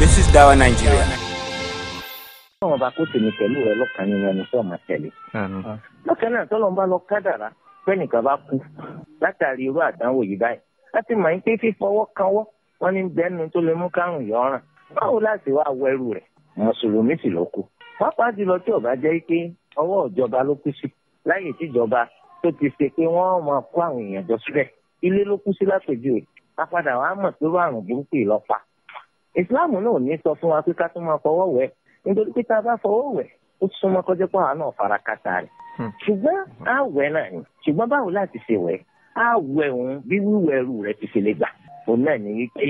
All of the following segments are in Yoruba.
This is Dawa Nigeria. Ọlọ́run bá kó tèmi pẹ̀lú rẹ lọ́kàn nínú ẹni tó máa tẹ̀lé. Lọ́kàn náà tọ́lọ́run bá lọ kádàrá pẹ́nìkan bá kú látàrí irú àdánwò yìí báyìí. Láti mọ̀ ní pé fífọwọ́ kanwọ́ wọn ní bẹ́ẹ̀nu tó lè mú kárùn yọ ọ̀ràn. Báwo láti wá wẹrù rẹ̀? Mùsùlùmí sì ló kú. Pápá jùlọ tí ó jẹ́ pé ọwọ́ ìjọba ló kú sí. Láyè tíjọba tó ti ṣe pé wọ́n máa kó àwọn èèyàn jọ sílẹ̀. Ilé ló kú sí lápèjúwe. Apadà wa mọ̀ pé ó àrùn burúkú ìlọ́pàá islam náà ò ní sọ fún wa pé ká tún máa fọwọ́ wẹ̀ nítorí pé tá a bá fọwọ́ wẹ̀ ó súnmọ́ kọjá pé àwọn náà fara kátà rẹ̀ hmm. ṣùgbọ́n á wẹ̀ náà ni ṣùgbọ́n báwo láti ṣe wẹ̀ á wẹ̀ òun bí wíwẹ̀ ẹrù rẹ̀ ti ṣe lè gbà òun náà ní wípé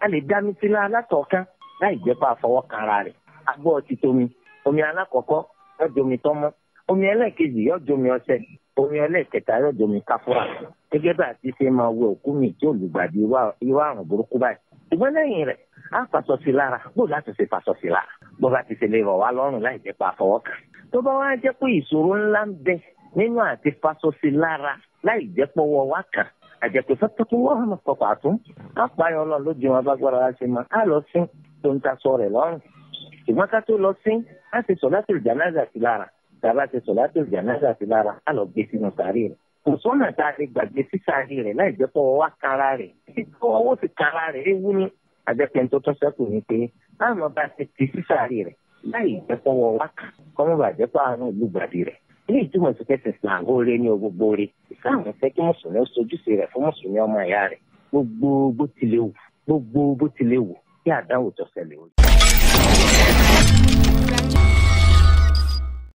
a lè dá mi sílá alátọ̀ọ́kán láì jẹ́ pé àfọwọ́ kan ara rẹ̀ agbọ́ ti tomi omi alákọ̀ọ́kọ́ yóò domi tọ́mọ́ omi ẹlẹ́ẹ̀kejì yóò domi ọṣẹ omi ẹlẹ́ẹ̀kẹta yóò domi káfúrà gẹ́gẹ́ bá a ti ṣe máa wẹ òkú mi tí olùgbàdì irú àrùn burúkú báyìí ṣùgbọ́n lẹ́yìn rẹ̀ á ah, fàṣọ sí lára bó láti ṣe fàṣọ sí lára bó bá ti ṣe lè rọ̀ wá lọ́rùn láì jẹ́ pa fọwọ́ kàn. tó bá wá jẹ́ pé ìṣòro ńlá ń bẹ nínú àti fàṣọ sí lára láì jẹ́ pọ́wọ́ wá kàn àjẹpẹ́ fẹ́tọ́kùn wọ́n hàn pọ̀pọ̀ àtún á pààyàn ọlọ́run lójú wọn bá gbọ́dọ̀ wá sí ma á lọ sí tó ń taṣọ rẹ̀ lọ́rùn ṣùgbọ́n ká tó lọ sí á ti sọ̀látù jánásà sí lára tàbá ti sọ̀látù jánásà sí lára á lọ gbé sínú sàárì rẹ̀ kò sọ́nà tá a lè gbàgbé sí sàárì rẹ̀ láì jẹ́ pọ́wọ́ wá kára rẹ̀ títí ti kára rẹ̀ ewu ni àjẹpẹ́ tó tún sẹ́kù ni pé báwọn bá ti ti sísàárì rẹ̀ láì jẹ́ kọ́wọ́ wákà kọ́mọ́bàjẹ́ pààrọ̀ olùgbàdì rẹ̀ ilé ìtumọ̀ sí kẹsì islam oore ní gbogbo oore islam fẹ́ kí mùsùlùmí sojúṣe rẹ̀ fún mùsùlùmí ọmọ ìyá rẹ̀ gbogbo bó tilẹ̀ wù gbogbo bó tilẹ̀ wù kí àdáwò tó ṣẹlẹ̀ o.